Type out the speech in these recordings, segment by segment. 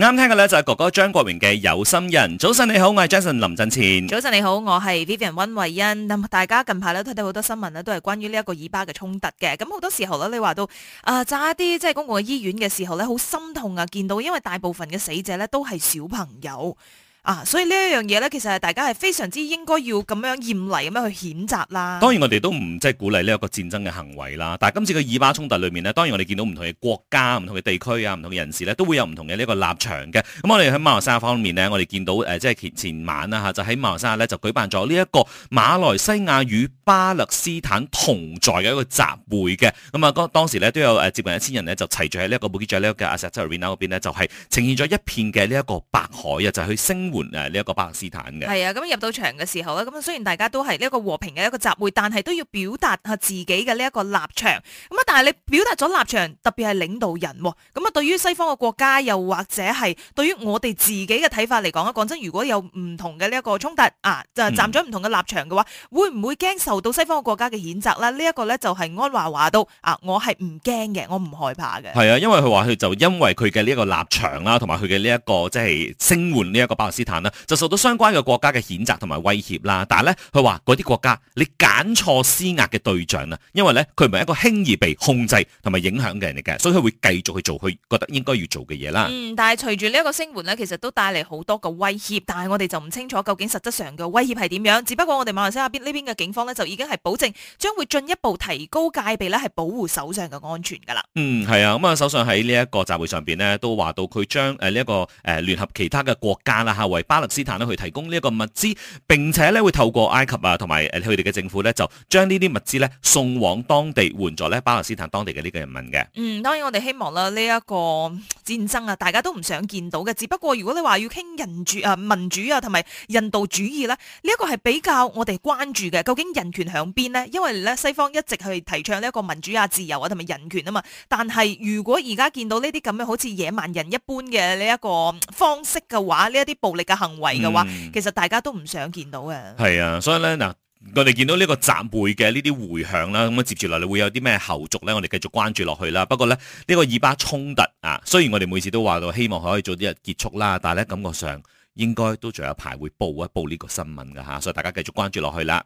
啱聽嘅咧就係哥哥張國榮嘅有心人，早晨你好，我係 Jason 林振前。早晨你好，我係 Vivian 溫慧欣。咁大家近排咧睇到好多新聞咧，都係關於呢一個以巴嘅衝突嘅。咁好多時候咧，你話到啊，炸一啲即係公共嘅醫院嘅時候咧，好心痛啊！見到因為大部分嘅死者咧都係小朋友。啊，所以一呢一樣嘢咧，其實係大家係非常之應該要咁樣嚴厲咁樣去譴責啦。當然我哋都唔即係鼓勵呢一個戰爭嘅行為啦。但係今次嘅以巴衝突裏面呢，當然我哋見到唔同嘅國家、唔同嘅地區啊、唔同嘅人士呢，都會有唔同嘅呢一個立場嘅。咁我哋喺馬來西亞方面呢，我哋見到誒即係前前晚啦嚇，就喺馬來西亞咧就舉辦咗呢一個馬來西亞與巴勒斯坦同在嘅一個集會嘅。咁啊，當當時咧都有、呃、接近一千人呢，就齊聚喺呢一個舉著呢個嘅阿薩哲瑞娜嗰邊咧，就係、是、呈現咗一片嘅呢一個白海啊，就係佢升。聲援呢一個巴勒斯坦嘅，係啊，咁入到場嘅時候咧，咁雖然大家都係呢一個和平嘅一個集會，但係都要表達下自己嘅呢一個立場。咁啊，但係你表達咗立場，特別係領導人、哦，咁啊，對於西方嘅國家，又或者係對於我哋自己嘅睇法嚟講啊，講真，如果有唔同嘅呢一個衝突啊，就站咗唔同嘅立場嘅話，嗯、會唔會驚受到西方嘅國家嘅譴責咧？呢、這、一個咧就係安華話到啊，我係唔驚嘅，我唔害怕嘅。係啊，因為佢話佢就因為佢嘅呢一個立場啦，同埋佢嘅呢一個即係、就是、聲援呢一個巴勒斯坦。斯就受到相關嘅國家嘅譴責同埋威脅啦。但係咧，佢話嗰啲國家你揀錯施壓嘅對象啦，因為咧佢唔係一個輕易被控制同埋影響嘅人嚟嘅，所以佢會繼續去做佢覺得應該要做嘅嘢啦。嗯，但係隨住呢一個聲援咧，其實都帶嚟好多個威脅，但係我哋就唔清楚究竟實質上嘅威脅係點樣。只不過我哋馬來西亞邊呢邊嘅警方咧，就已經係保證將會進一步提高戒備咧，係保護首相嘅安全㗎啦、嗯。嗯，係啊，咁啊，首相喺呢一個集會上邊呢，都話到佢將誒呢一個誒聯、呃、合其他嘅國家啦為巴勒斯坦咧去提供呢一個物資，並且咧會透過埃及啊同埋誒佢哋嘅政府咧，就將呢啲物資咧送往當地援助咧巴勒斯坦當地嘅呢個人民嘅。嗯，當然我哋希望啦，呢一個戰爭啊，大家都唔想見到嘅。只不過如果你話要傾人主啊民主啊同埋人道主義咧，呢一個係比較我哋關注嘅。究竟人權響邊呢？因為咧西方一直去提倡呢一個民主啊、自由啊同埋人權啊嘛。但係如果而家見到呢啲咁樣好似野蠻人一般嘅呢一個方式嘅話，呢一啲暴力。嘅行為嘅話，其實大家都唔想見到嘅。係、嗯、啊，所以咧嗱，我哋見到呢個集會嘅呢啲迴響啦，咁、嗯、啊接住落嚟會有啲咩後續咧？我哋繼續關注落去啦。不過咧，呢、這個以巴衝突啊，雖然我哋每次都話到希望佢可以早啲啊結束啦，但係咧感覺上應該都仲有排會報一報呢個新聞㗎吓、啊，所以大家繼續關注落去啦。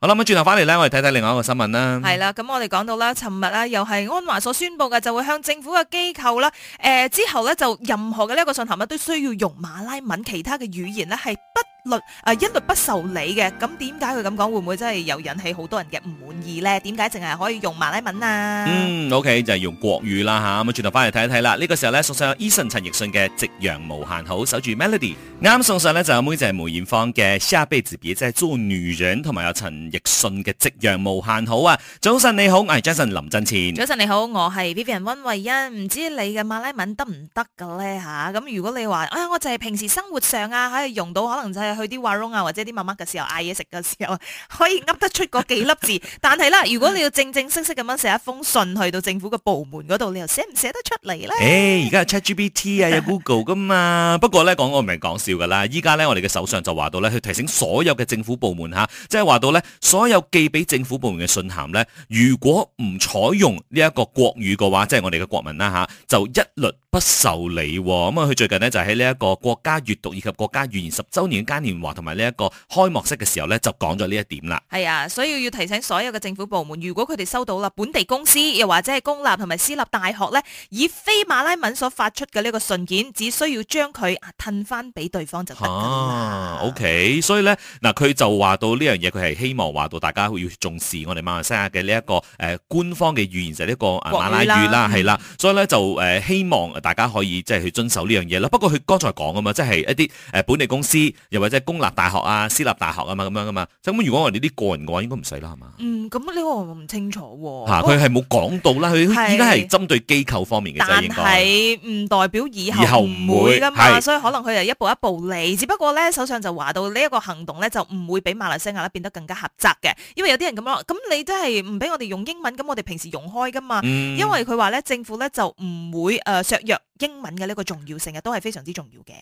好啦，咁轉頭翻嚟咧，我哋睇睇另外一個新聞啦。係啦，咁我哋講到啦，尋日啦，又係安華所宣布嘅，就會向政府嘅機構啦，誒、呃，之後咧就任何嘅呢一個訊息咧，都需要用馬拉文其他嘅語言咧，係不。律啊，一律不受理嘅，咁點解佢咁講？會唔會真係有引起好多人嘅唔滿意咧？點解淨係可以用馬拉文啊？嗯，OK，就係用國語啦，吓咁轉頭翻嚟睇一睇啦。呢個時候咧，送上有 Eason 陳奕迅嘅《夕陽無限好》，守住 Melody。啱送上咧就阿妹就係梅艷芳嘅《Crazy Baby》，即係做女人，同埋有陳奕迅嘅《夕陽無限好》啊。早晨你好，我係 Jason 林振前。早晨你好，我係 Vivian 溫慧欣。唔知你嘅馬拉文得唔得㗎咧吓？咁如果你話啊，我就係平時生活上啊喺度用到，可能就係。去啲話 w r 啊，或者啲乜乜嘅時候嗌嘢食嘅時候，可以噏得出嗰幾粒字。 但係啦，如果你要正正式式咁樣寫一封信去到政府嘅部門嗰度，你又寫唔寫得出嚟咧？誒、欸，而家有 ChatGPT 啊，有 Google 噶嘛？ 不過咧，講我唔係講笑㗎啦。依家咧，我哋嘅首相就話到咧，去提醒所有嘅政府部門吓，即係話到咧，所有寄俾政府部門嘅信函咧，如果唔採用呢一個國語嘅話，即、就、係、是、我哋嘅國民啦吓、啊，就一律不受理、哦。咁、嗯、啊，佢最近呢，就喺呢一個國家閲讀以及國家語言十週年嘅言話同埋呢一個開幕式嘅時候呢，就講咗呢一點啦。係啊，所以要提醒所有嘅政府部門，如果佢哋收到啦本地公司又或者係公立同埋私立大學呢，以非馬來文所發出嘅呢一個信件，只需要將佢啊褪翻俾對方就得哦、啊，OK，所以呢，嗱、呃，佢就話到呢樣嘢，佢係希望話到大家要重視我哋馬來西亞嘅呢一個誒、呃、官方嘅語言就係、是、呢、這個啊啦馬來語啦，係啦，所以呢，就、呃、誒希望大家可以即係、就是、去遵守呢樣嘢啦。不過佢剛才講啊嘛，即、就、係、是、一啲誒本地公司又即係公立大學啊，私立大學啊嘛，咁樣噶嘛。咁如果我哋啲個人嘅話，應該唔使啦，係嘛？嗯，咁呢個我唔清楚。吓，佢係冇講到啦，佢依家係針對機構方面嘅。但係唔代表以後唔會噶嘛，所以可能佢係一步一步嚟。只不過咧，首相就話到呢一個行動咧，就唔會比馬來西亞咧變得更加狹窄嘅。因為有啲人咁咯，咁你都係唔俾我哋用英文，咁我哋平時用開噶嘛？因為佢話咧，政府咧就唔會誒削弱。英文嘅呢個重要性啊，都係非常之重要嘅。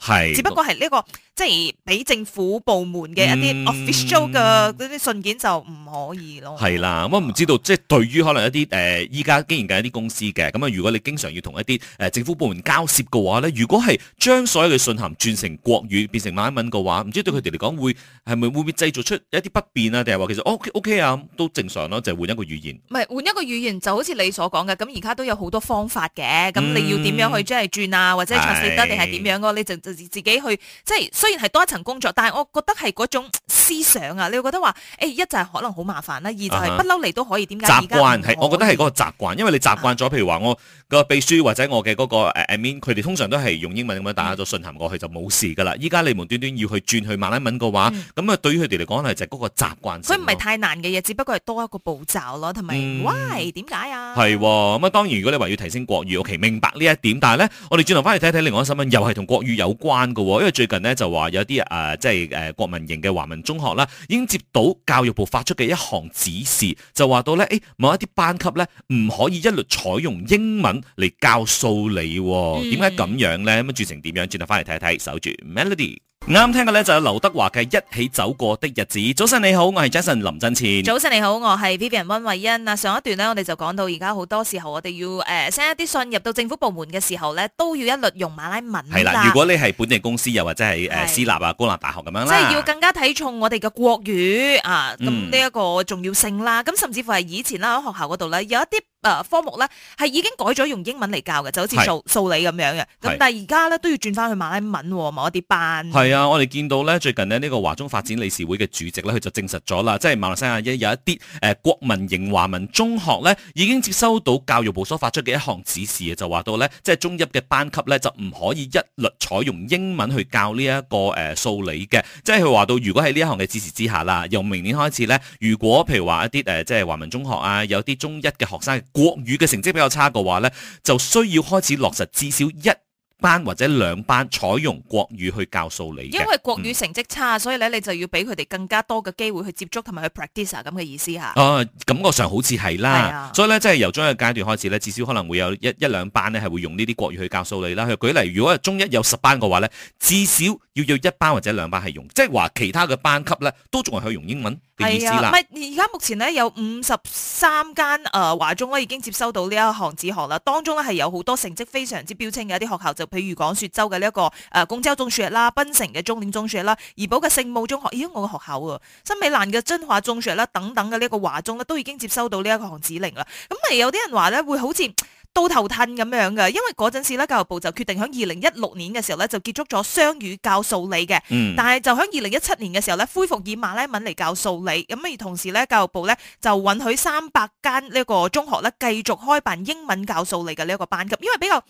係，只不過係呢個即係俾政府部門嘅一啲 official 嘅嗰啲信件就唔可以咯。係啦，咁我唔知道，即係對於可能一啲誒依家經營緊一啲公司嘅咁啊，如果你經常要同一啲誒政府部門交涉嘅話咧，如果係將所有嘅信函轉成國語變成馬來文嘅話，唔知對佢哋嚟講會係咪會唔會製造出一啲不便啊？定係話其實 OK OK 啊，都正常咯，就係換一個語言。唔係換一個語言就好似你所講嘅，咁而家都有好多方法嘅，咁你要點？點、嗯、樣去即係轉啊，或者係嘗試得定係點樣係你就自己去，即係雖然係多一層工作，但係我覺得係嗰種思想啊，你會覺得話，誒、欸，一就係可能好麻煩啦，二就係不嬲你都可以。點解而家習慣我覺得係嗰個習慣，因為你習慣咗。譬如話我個秘書或者我嘅嗰、那個誒 admin，佢哋通常都係用英文咁樣打咗信函過去就冇事噶啦。依家你無端端要去轉去馬拉文嘅話，咁啊、嗯、對於佢哋嚟講係就嗰個習慣。所以唔係太難嘅嘢，只不過係多一個步驟咯，同埋 why 點解啊？係咁啊！當然如果你話要提升國語，我其實明白呢一點。點？但係咧，我哋轉頭翻嚟睇睇另外一新聞，又係同國語有關噶、哦。因為最近咧就話有啲誒、呃，即係誒、呃，國民型嘅華文中學啦，已經接到教育部發出嘅一行指示，就話到咧，誒、欸，某一啲班級咧唔可以一律採用英文嚟教數理喎、哦。嗯」點解咁樣咧？咁啊，轉成點樣？轉頭翻嚟睇睇，守住 Melody。啱聽嘅咧就係劉德華嘅一起走過的日子。早晨你好，我係 Jason 林振前。早晨你好，我係 Vivian 溫慧欣。啊，上一段呢，我哋就講到而家好多時候我哋要誒 send、呃、一啲信入到政府部門嘅時候咧都要一律用馬拉文。係啦，如果你係本地公司又或者係誒、呃、的私立啊公立大學咁樣咧，即係要更加睇重我哋嘅國語啊，咁呢一個重要性啦。咁、嗯啊、甚至乎係以前啦喺學校嗰度咧有一啲誒科目咧係已經改咗用英文嚟教嘅，就好似數數理咁樣嘅。咁的但係而家咧都要轉翻去馬拉文某一啲班。啊！我哋見到咧，最近呢呢個華中發展理事會嘅主席咧，佢就證實咗啦，即係馬來西亞一有一啲國民型華文中學咧，已經接收到教育部所發出嘅一項指示就話到咧，即係中一嘅班級咧，就唔可以一律採用英文去教呢一個數理嘅，即係佢話到如果喺呢一項嘅指示之下啦，由明年開始咧，如果譬如話一啲即係華文中學啊，有啲中一嘅學生國語嘅成績比較差嘅話咧，就需要開始落實至少一班或者兩班採用國語去教數理，因為國語成績差，嗯、所以咧你就要俾佢哋更加多嘅機會去接觸同埋去 practice 咁嘅意思啊。哦、呃，感覺上好似係啦，嗯、所以咧即係由中一階段開始咧，至少可能會有一一兩班咧係會用呢啲國語去教數理啦。佢舉例，如果係中一有十班嘅話咧，至少要有一班或者兩班係用，即係話其他嘅班級咧都仲係可以用英文。係啊，係而家目前咧有五十三間誒華中咧已經接收到呢一項指令啦，當中咧係有好多成績非常之標青嘅一啲學校，就譬如講雪州嘅呢一個誒公、呃、州中學啦，檳城嘅中點中學啦，怡保嘅聖母中學，咦、哎、我個學校啊，森美蘭嘅津華中學啦等等嘅呢一個華中咧都已經接收到這個韓子了呢一項指令啦，咁咪有啲人話咧會好似。到頭褪咁樣嘅，因為嗰陣時咧，教育部就決定喺二零一六年嘅時候咧就結束咗雙語教數理嘅，嗯、但係就喺二零一七年嘅時候咧恢復以馬拉文嚟教數理，咁而同時咧，教育部咧就允許三百間呢一個中學咧繼續開辦英文教數理嘅呢一個班級，因為比較，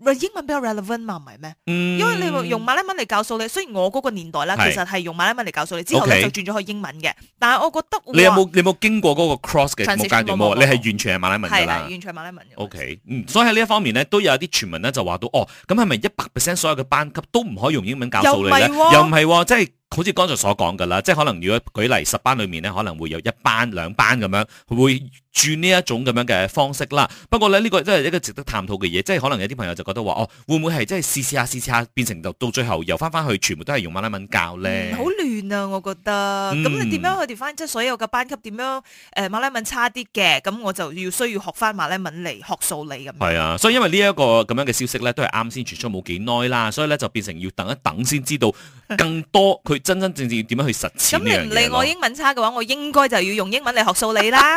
英文比較 relevant 嘛唔係咩？不是，嗯，因為你用馬來文嚟教數理，雖然我嗰個年代咧，其實係用馬來文嚟教數理之後咧就轉咗去英文嘅。Okay. 但係我覺得你有冇你有冇經過嗰個 cross 嘅階 Transition 段冇？你係完全係馬來文噶啦，完全是馬來文。嘅 OK，嗯，所以喺呢一方面咧，都有一啲傳聞咧就話到哦，咁係咪一百 percent 所有嘅班級都唔可以用英文教數理呢？又唔係，哦哦，即係。好似剛才所講噶啦，即係可能如果舉例十班裏面咧，可能會有一班兩班咁樣會轉呢一種咁樣嘅方式啦。不過咧呢、這個真係一個值得探討嘅嘢，即係可能有啲朋友就覺得話哦，會唔會係即係試試下試試下，變成到最後又翻翻去全部都係用馬拉文教咧？好、嗯、亂啊，我覺得。咁、嗯、你點樣去調翻即係所有嘅班級、呃、點樣誒馬拉文差啲嘅，咁我就要需要學翻馬拉文嚟學數理咁。係啊，所以因為呢、這、一個咁樣嘅消息咧，都係啱先傳出冇幾耐啦，所以咧就變成要等一等先知道更多 佢真真正正要點樣去實踐呢樣，咁，你唔理我英文差嘅話，我應該就要用英文嚟學數理啦。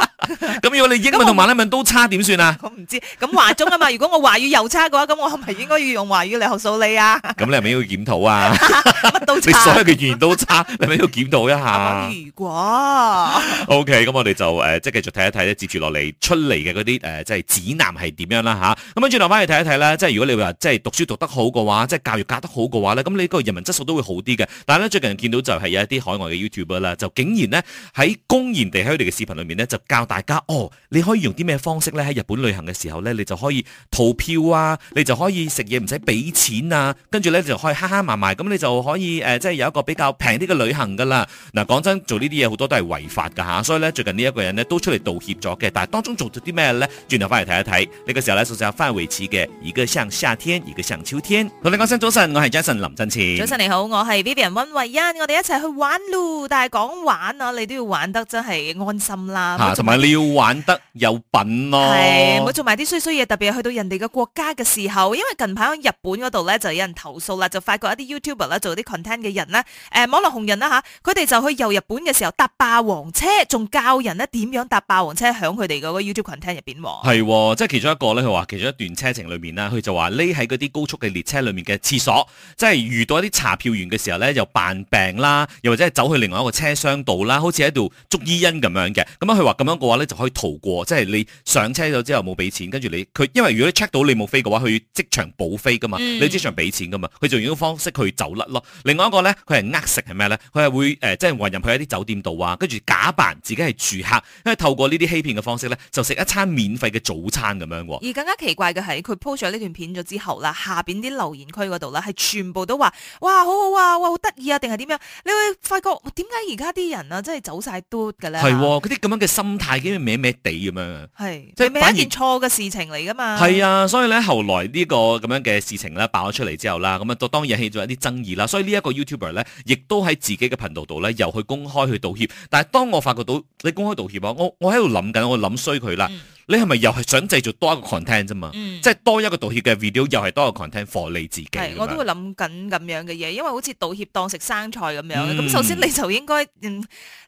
咁 如果你英文同埋馬來文都差點算啊？我唔知。咁華中啊嘛， 如果我華語又差嘅話，咁我係咪應該要用華語嚟學數理啊？咁 你係咪要檢討啊？ 你所有嘅語言都差，你咪要檢討一下？如果 OK，咁我哋就誒、呃、即係繼續睇一睇咧，接住落嚟出嚟嘅嗰啲誒，即係指南係點樣啦嚇？咁啊，轉頭翻去睇一睇啦。即係如果你話即係讀書讀得好嘅話，即係教育教得好嘅話咧，咁你那個人文質素都會好啲嘅。但係最近見到就係有一啲海外嘅 YouTuber 啦，就竟然呢喺公然地喺佢哋嘅視頻裏面呢，就教大家哦，你可以用啲咩方式呢？喺日本旅行嘅時候呢，你就可以逃票啊，你就可以食嘢唔使俾錢啊，跟住咧就可以慳慳埋埋，咁你就可以誒，即係、呃就是、有一個比較平啲嘅旅行噶啦。嗱、啊，講真，做呢啲嘢好多都係違法噶吓，所以呢，最近呢一個人呢都出嚟道歉咗嘅，但係當中做咗啲咩呢？轉頭翻嚟睇一睇呢個時候呢，送上翻嚟維持嘅一個像夏天，一個像秋天。同你講聲早晨，我係 Jason 林振慈。早晨你好，我係 Vivian 溫慧英。我哋一齊去玩咯，但係講玩啊，你都要玩得真係安心啦。吓、啊，同埋做你要玩得有品咯。係，唔好做埋啲衰衰嘢。特別係去到人哋嘅國家嘅時候，因為近排喺日本嗰度咧，就有人投訴啦，就發覺一啲 YouTuber 咧，做啲 content 嘅人咧，誒，網絡紅人啦吓，佢哋就去遊日本嘅時候搭霸王車，仲教人咧點樣搭霸王車，在他們的裡面，響佢哋嗰個 YouTube content 入邊喎。係，即係其中一個咧，佢話其中一段車程裏面啦，佢就話匿喺嗰啲高速嘅列車裏面嘅廁所，即係遇到一啲查票員嘅時候咧，就扮。病啦，又或者係走去另外一個車廂度啦，好似喺度捉伊恩咁樣嘅。咁樣佢話咁樣嘅話咧，就可以逃過，即係你上車咗之後冇俾錢，跟住你佢，因為如果 check 到你冇飛嘅話，佢即場補飛噶嘛，嗯、你即場俾錢噶嘛，佢就用呢個方式去走甩咯。另外一個咧，佢係呃食係咩咧？佢係會誒，即係混入去一啲酒店度啊，跟住假扮自己係住客，因為透過呢啲欺騙嘅方式咧，就食一餐免費嘅早餐咁樣喎。而更加奇怪嘅係，佢 po 咗呢段片咗之後啦，下邊啲留言區嗰度咧係全部都話：哇，好好啊，哇，好得意啊，定係？點樣？你會發覺點解而家啲人啊，真係走晒嘟嘅咧？係，嗰啲咁樣嘅心態，驚咩咩地咁樣。係，就係一件錯嘅而事情嚟噶嘛。係啊，所以咧後來呢個咁樣嘅事情咧爆咗出嚟之後啦，咁啊就當然起咗一啲爭議啦。所以這個呢一個 YouTuber 咧，亦都喺自己嘅頻道度咧，又去公開去道歉。但係當我發覺到你公開道歉啊，我我喺度諗緊，我諗衰佢啦。你係咪又係想製造多一個 content 啫嘛？嗯，即係多一個道歉嘅 video，又係多一個 content，for 你自己。係，我都會諗緊咁樣嘅嘢，因為好似道歉當食生菜咁樣。咁、嗯、首先你就應該諗、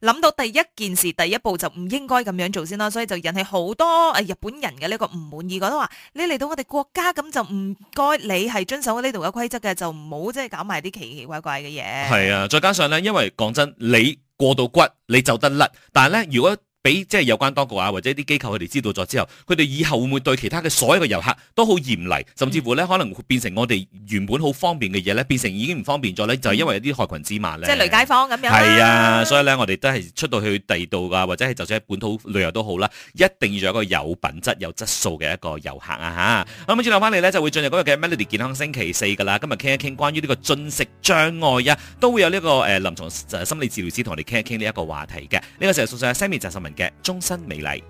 嗯、到第一件事、第一步就唔應該咁樣做先啦，所以就引起好多誒、哎、日本人嘅呢個唔滿意，覺得話你嚟到我哋國家咁就唔該，你係遵守呢度嘅規則嘅，就唔好即係搞埋啲奇奇怪怪嘅嘢。係啊，再加上咧，因為講真，你過到骨你就得甩，但係咧如果。俾即係有關當局啊，或者啲機構佢哋知道咗之後，佢哋以後會唔會對其他嘅所有嘅遊客都好嚴厲，甚至乎咧可能變成我哋原本好方便嘅嘢咧，變成已經唔方便咗咧，就係因為一啲害群之馬咧。即係雷街坊咁樣。係啊，所以咧我哋都係出到去第二度啊，或者係就算係本土旅遊都好啦，一定要有一個有品質、有質素嘅一個遊客啊吓，咁轉頭翻嚟咧，就會進入嗰個嘅 Melody 健康星期四㗎啦。今日傾一傾關於呢個進食障礙啊，都會有呢個誒臨床心理治療師同我哋傾一傾呢一個話題嘅。呢個成日送上 Sammy 陳嘅終身美麗